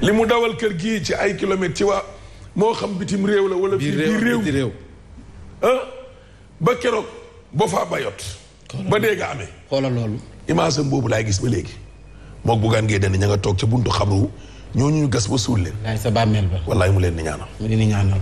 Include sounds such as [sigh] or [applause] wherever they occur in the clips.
li mu dawal kër gii ci ay kilomètres ci waa moo xam bitim réew la wala fii biir réew ah, ba keroog boo faa bayot ba dee nga amee xoolal loolu image am boobu laay gis ba léegi mook buggaan ngee dana ña nga toog ca buntu xabru ñooñu ñu gas ba suul leen sa bàmmeel ba wallaay mu leen di ñaanal mu leen di ñaanal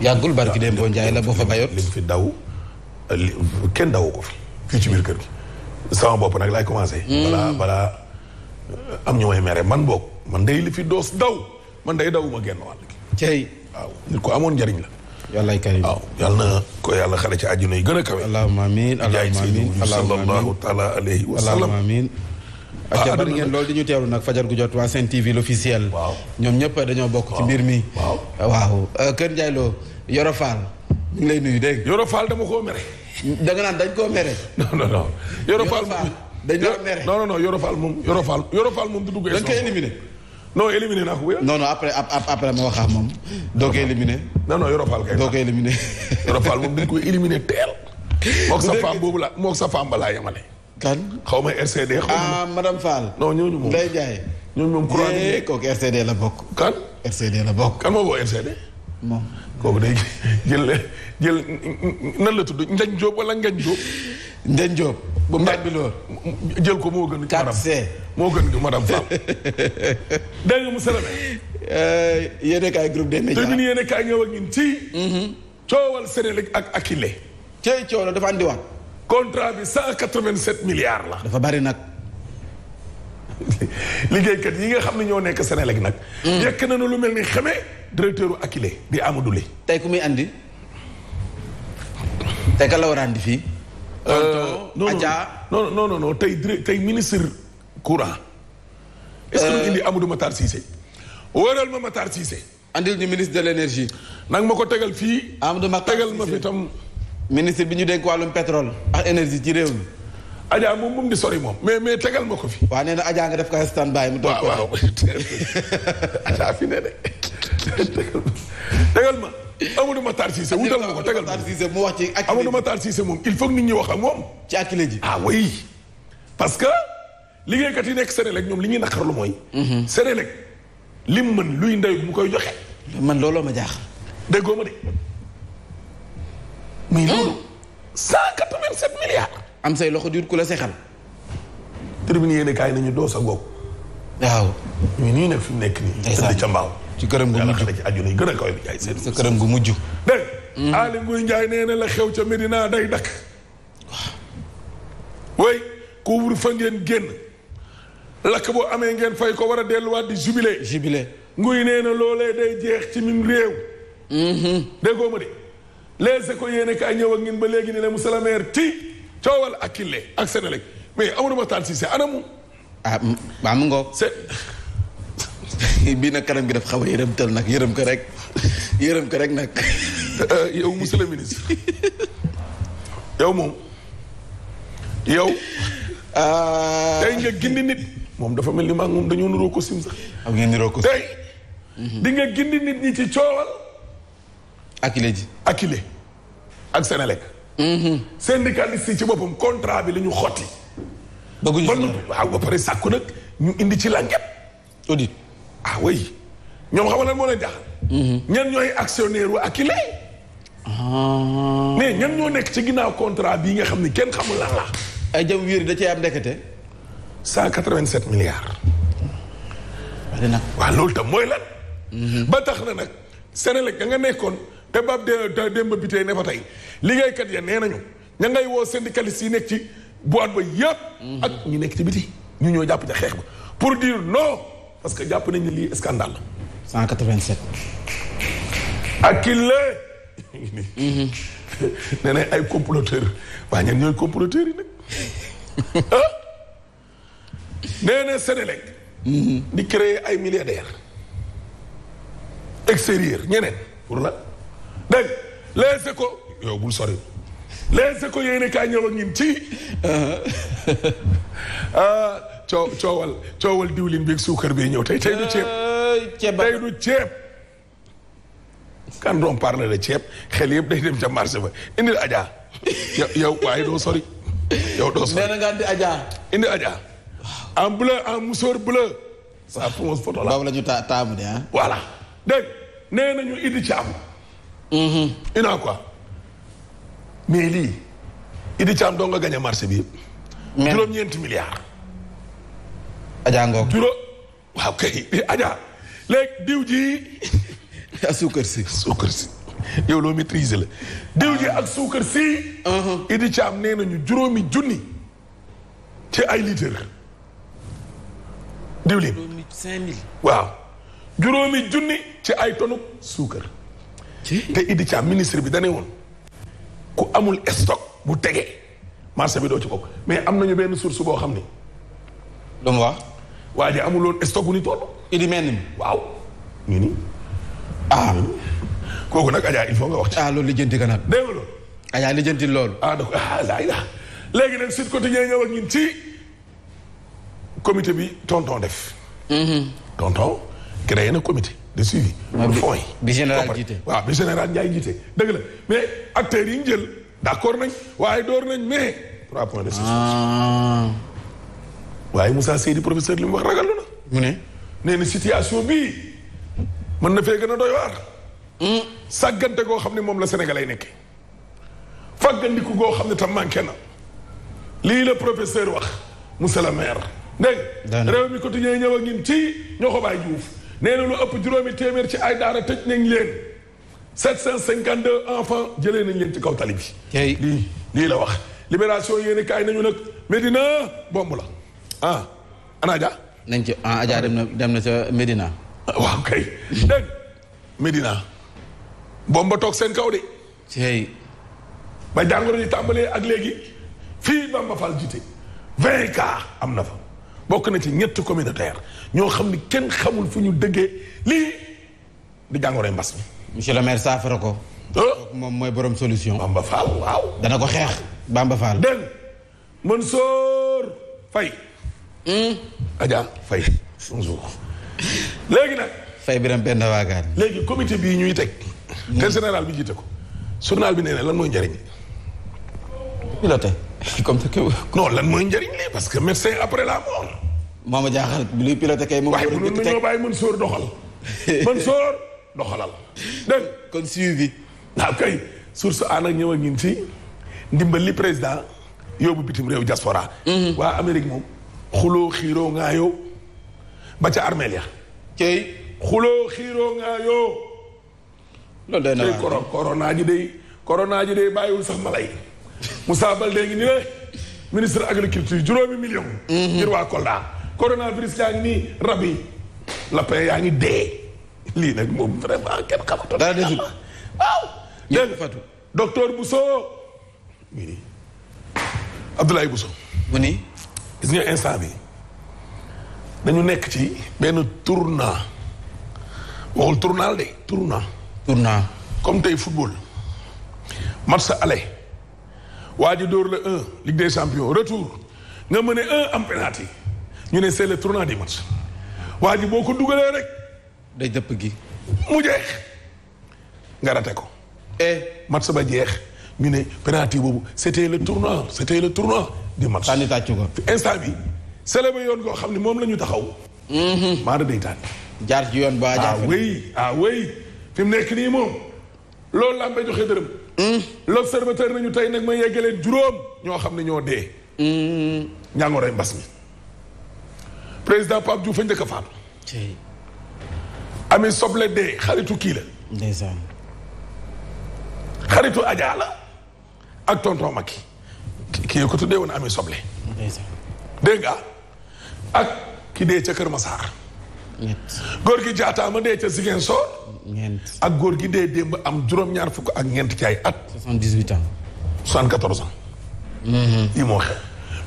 yàggul barki dem boo njaay la fa bayot li mu fi daw kenn dawu ko fi fii ci biir kër gi sama bopp nag lay commencé hmm. balaa balaa am ñu may mere man boog man day li fi doos daw man day dawuma genn wàll gi. cey waaw ko amoon njariñ la. yàllaay kay waaw yal na ko yàlla xale ci àjjuna yi gën a kawe. allahumma amiin allahumma amiin sallallahu taala alayhi wa sallam ah, ak jabar ngeen loolu di ñu nag fajar gu jot waa Sen TV l'officiel. waaw ñoom ñëpp dañoo bokk. ci mbir mi waaw waaw. Euh, Kër Ndiaye Lo Yoro Fall ñu lay nuyu dégg nga. dama koo mere. da nga naan dañ koo mere. non non non Yoro Fall dañ koo mere non non non Yoro Fall moom Yoro Fall Yoro Fall moom du dugg. non éliminé naa ko bu non non après après ma wax ak moom. doo ko éliminé. non non Yoro Fall kay. doo ko éliminé. Yoro [laughs] Fall moom dañ koy éliminé teel. [laughs] mook sa femme boobu la mook sa femme balaa yemale. kan xaw ma RCD. xaw ma ah madame Fall. non ñooñu moom day jaay. ñooñu moom eh, kooku RCD la bokk. kan RCD la bokk. kan moo bokk RCD. moom kooku jël jël nan la tudd Ngañ Diop wala Ngañ Diop. Ngañ Diop. ba mbaaj bi lool jël ko moo gën. madame 4C moo gën madame Fall. [laughs] dégg nga monsieur le maire. Euh, yéen a kaay groupe des médias. te ñun yéen a kaay ñëw ak ñun ci. Mm-hmm. coowal Sénélec ak Akile. coow la dafa andiwaat. contrat bi cent quatre-vingt-sept milliards la. dafa bari nag. [laughs] liggéeykat yi nga xam ne ñoo nekk Sénélec nag. Mm. yekk nañu lu mel ni xeme directeur u Akile di Amadou Ly. tey ku muy andi. tey ka la fii. Euh, non non non non non tey dire tey ministre courant. est-ce que ñu euh, indi Amadou Matar Cissé. wóoral ma Matar Cissé. andil ñu ministre de l'énergie. nag ma ko tegal fii. am dama tegal ma fi tam. ministre bi ñu dénk wàllum pétrole ak énergie ci réew mi. Adja moom moom di sori moom. mais mais tegal ma ko fi. waa nee na Adja nga def ko stand by mu. toog ko waaw [laughs] Adja fi ne [laughs] tegal ma. Amadou Matar Cissé wutal ma ko tegal mu wax ci Amadou Matar Cissé moom il faut nit ñi wax ak moom. ci akile ji ah parce que liggéeykat yi nekk Sénélec ñoom li ñuy naqarlu mooy. Mhm. Sénélec lim mën luy ndeyu mu koy joxe. man looloo ma jaax déggoo ma de. mais loolu. Hmm? cent quatre-vingt-sept milliards. am say loxo diwut ku la sexal. tribune yéene kaay nañu doo sa góob. waaw. ñu nii nag fi mu nekk nii. tëdd ca mbaaw. ci këram gu mujj ci àjjana yi gën a kaw bi gu mujj dégg Aly Ngouille la xew ca Medina day dakk way couvre fa ngeen génn lakk boo amee ngeen fay ko war a delluwaat di jubilé jubilé nguy nee na loolee day jeex ci min réew mm-hmm. déggoo ma de les écoles yéene kaay ñëw ak ngeen ba léegi ne la monsieur le maire ti coowal ak kille ak Senelec mais Amadou Mahtar Cissé anamu ah mu ngoog [laughs] bii nag kanam gi daf xaw a yërëmtal nag yërëm ko rek yërëm ko rek nag. Eh, yow monsieur le ministre yow moom yow. Ah. tey nga gindi nit. moom dafa mel ni maa moom dañoo niroo ko sim sax. am ngeen niroo ko sim tey. di nga gindi nit ñi ci coowal. Akile ji Akile ak Sénélec. Mm-hmm. syndicaliste yi ci boppam contrat bi la ñu xotti. bëgguñu si waaw ba pare sàkku nag ñu indi ci lànket audit. ah oui ñoom xam nga lan moo leen jaaxal. Mhm. ñan ñooy actionnaire wu Akilee. Ah. mais ñan ñoo nekk ci ginnaaw contrat bii nga xam ni kenn xamul lan la. ay jëm wiir da cee am ndekete. cent quatre-vingt-sept milliards. waaw loolu tam mooy lan. Mhm. ba tax na nag Sénélec da nga nekkoon te bab de démb bi tey ne fa tey liggéeykat ya nee nañu ña ngay woo syndicalistes yi nekk ci boîte ba yëpp. Mhm. ak ñi nekk ci biti ñu ñoo jàpp ci xeex ba pour dire non. parce que jàpp nañu ne lii scandale la. 187. akile. [laughs] ay comploteurs waa ñenn ñooy comploteurs yi nag ah. [laughs] nee na mm-hmm. di créer ay milliardaires. extérieur ñeneen pour la dégg les échos yow bul sori les échos yéen a kaay ñëw ak ñun ci. [laughs] Ah, coo coowal coowal diwlin beeg suukar bee ñëw tey tey du ceeb. ceeb tey du ceeb. quand on parle de ceeb xel yëpp day dem ca marché ba indi Adja [laughs] yow waaye doo sori. yow doo sori nee na nga andi Adja. indi Adja. en bleu en musóor bleu. sa fameuse photo de ah. voilà dégg nee nañu Idi Thiam. Mm-hmm. ina quoi. mais lii Idi Thiam doo nga gagné marché bi. juróom-ñeenti milliards. Adja Ngok turo waaw kay Adja léegi diw ji. [laughs] ak suukar si suukar yow loo maîtriser la. diw ji ak suukar si. Uh-huh. Idi Thiam nee nañu juróomi junni ci ay litre diwlin juróomi cinq waaw juróomi junni ci ay tonu suukar. te Idi Thiam ministre bi dane ku amul stock bu tege marché bi doo ci bokk mais am nañu benn source boo xam ni. lu mu wax. waa ji amuloon stock ni toll. idi mel ni waaw. ñu ni ah. ah. kooku nag Adja il faut nga wax ci. ah loolu lijjanti ka nag. dégg nga loolu. Adja lijjanti loolu. ah donc ah léegi nag Sud Quotidien ñëw ak ñun ci comité bi tonton def. Mm-hmm. tonton créé na de suivi. pour ah, fonds yi. bi général jiite waaw bi dëgg la mais acteurs yi ñu jël d' accord nañ waaye door nañ mais. trois waaye Moussa Seydi professeur li mu wax ragal na. mu ne nee na situation bii mën na fee gën a doy waar. Hmm? sàggante goo xam ne moom la Sénégal ay nekkee. fàggandiku goo xam ne tam manqué na. lii la professeur wax monsieur la maire. dégg nga réew mi quotidien ñëw ak ñun ci ñoo ko bàyyi Diouf nee na lu ëpp juróomi téeméer ci ay daara tëj nañ leen. 752 enfants jëlee nañ leen ci kaw tali bi. lii lii la wax. libération yéen a kaay nañu nag Medina bomb la. ah nañ ci ah Adja dem na dem na ca Medina. Ah, waaw kay dégg Medina. boom ba toog seen kaw de. ci ba jàngoro di tàmbalee ak léegi fii Bamba jiite vingt cas am na fa bokk na ci ñett communautaire ñoo xam ni kenn xamul fu ñu dëggee lii di jàngoroy mbas mi. monsieur le maire saafara ko. Ah? moom mooy borom solution. Bamba Fall waaw. dana ko xeex Bamba Fall. dégg Mansour Faye. Hmm? Adja Faye bonjour. léegi nag. Faye Birame benn waagaan. léegi comité bii ñuy teg. te hmm. général bi jiite ko. journal bi ne lan mooy njëriñ. piloté. comme que. non lan mooy njëriñ lii parce que médecin après la mort. moo a jaaxal luy piloté kay. moom waroon dëkk teg waaye mënoon nañoo bàyyi Mansour doxal. doxalal. dégg kon suivi. waaw kay source a nag ñëw ak ñun ci ndimbal li président yóbbu bitim réew diaspora. Hmm. waa Amérique moom. xuloo xiiroo ngaayoo ba ca armeel ya cey xuloo xiiroo ngaayoo loolu day na corona ji day corona ji day bàyyiwul sax malay Moussa Baldé ngi ni le ministre agriculture juróomi million mhm. ngir waa Kolda coronavirus yaa ngi nii rab yi lapin yaa ngi dee lii nag moom vraiment kenn xamatu dara desul waaw dégg fatu docteur Bousso gis nga instant bi dañu nekk ci benn tournant waxul tournant de tournant. tournant comme tey football. match sa waa ji dóor la un Ligue des retour nga mën a un am penalty ñu ne c'est le tournant du match waa ji boo ko dugalee rek. day jëpp gi. mu jeex nga raté ko. eh match ba jeex. ñu ne penalty boobu c'était le tournoi c'était le tournoi du match. sànni tàcc ko instant bi célébré yoon koo xam ne moom la ñu taxaw. Mhm. maanaam day tànn. jaar ci yoon ba ah jaar. ah oui ah oui fi mu nekk nii moom loolu la am bay joxe dërëm. Mhm. l'observateur nañu tey nag ma yeggaleen juróom ñoo xam ne ñoo dee. Mhm. ñàngooray mbas mi. président Pape Diouf a njëkk a faatu. ami soble dee xaritu kii la. ndeysaan. xaritu Adja ak tonton Macky ki ko tuddee woon ami soble dégg nga ak ki dee ca Kër Massar góor gi jaataama dee ca Ziguinchor ak góor gi dee démb am juróom-ñaar fukk ak ñeent ci ay at soixante-dix-huit ans soixante-quatorze ans yi mm-hmm. moo xew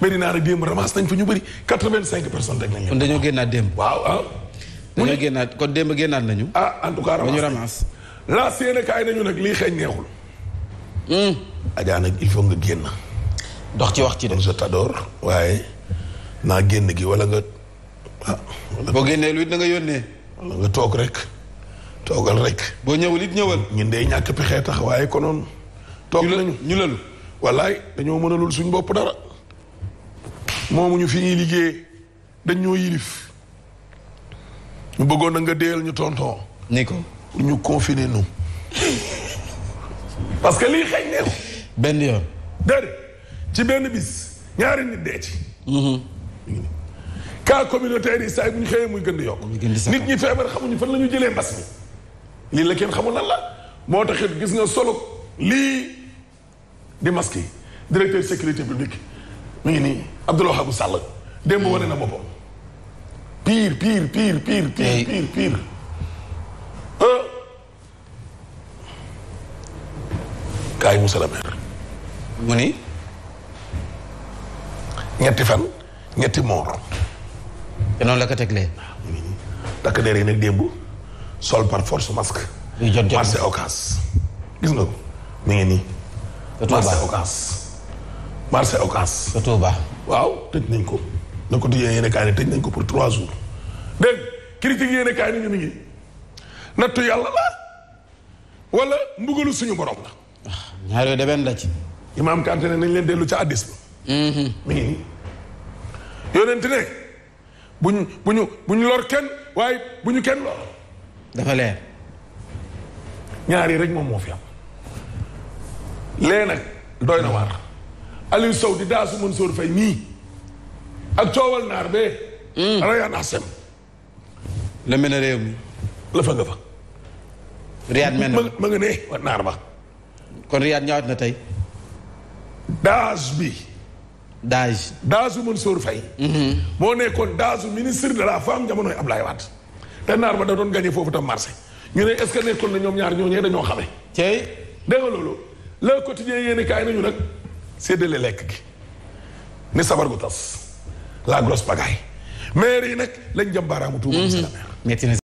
Medina rek démb ramasse nañ fa ñu bëri quatre-vingt-cinq personnes rek nañ kon dañoo génnaat démb waaw waaw ah. dañoo génnaat kon démb génnaat nañu ah en tout cas ramasse la seen nañu nag lii xeeñ neexul Hmm. Adja nag il faut nga génn. dox ci wax ci de. je t'adore waaye naa génn gi wala nga ah. boo génnee lu it na nga yónnee. wala nga toog rek. toogal rek. boo ñëwul it ñëwal. ñun day ñàkk pexee tax waaye konoon. toog nañu ñu lalu wallaay dañoo mënalul suñ bopp dara. moomuñu fi ñuy liggéey dañ ñoo yilif ñu bëggoon na nga déel ñu tonton. ni ko ñu confiner nous. parce que lii xëy neexu benn yoon. déedéet ci benn bis ñaari nit dee ci. Mhm. cas communautaire yi saa yi bu ñu xëyee gën di yokk. nit ñi feebar xamuñu fan la ñu jëlee mbas mi. lii la kenn xamul lan la moo taxit gis nga solo lii di masque yi directeur sécurité publique mu ngi nii Abdoulaye Wahab Sall démb wane na boppam. pire pire pire pire pire pire kaay monsieur le maire. mu ni ñetti fan ñetti moor. te noonu la ko teglee. takk der yi nag démb sol par force masque. muy jot jot marché Ocass gis nga ko mi ngi nii. te Touba marché Ocass. marché Ocass. waaw tëj nañ ko. na ko tijjee yéen a kaay ne tëj nañ ko pour trois jours. dégg critique yéen kaay ni ñu ngi nattu yàlla la wala mbugalu suñu borom la. ñaar yooyu de benn la ci. imaam Kanté ne nañ leen dellu ca addis ba. Mhm. mi ngi nii. yonent ne buñ lor kenn waaye buñu kenn lor. dafa leer. ñaari rek moom moo fi am. lee nag doy na waar. Aliou Sow di daasu Mansour Faye nii. ak coowal naar bee. mel mhm. ne réew mi. la fa fa. Riyad mel na ma nga ne naar ba. kon Riyad ñaawat na tey. daaj bi. daaj. daaju Mansour Faye. boo mhm. nekkoon daaju ministre de jamono femme jamonoy Ablaye Wade. te naar ba da doon gagné foofu tam marché ñu ne est ce que nekkoon na ñoom ñaar ñooñee dañoo xame. tey dégg nga loolu le quotidien yéen kaay nañu nag séddale lekk gi ni sabar gu tas la grosse pagaille maire yi nag lañ jëm baaraamu tuuma. Mhm. monsieur le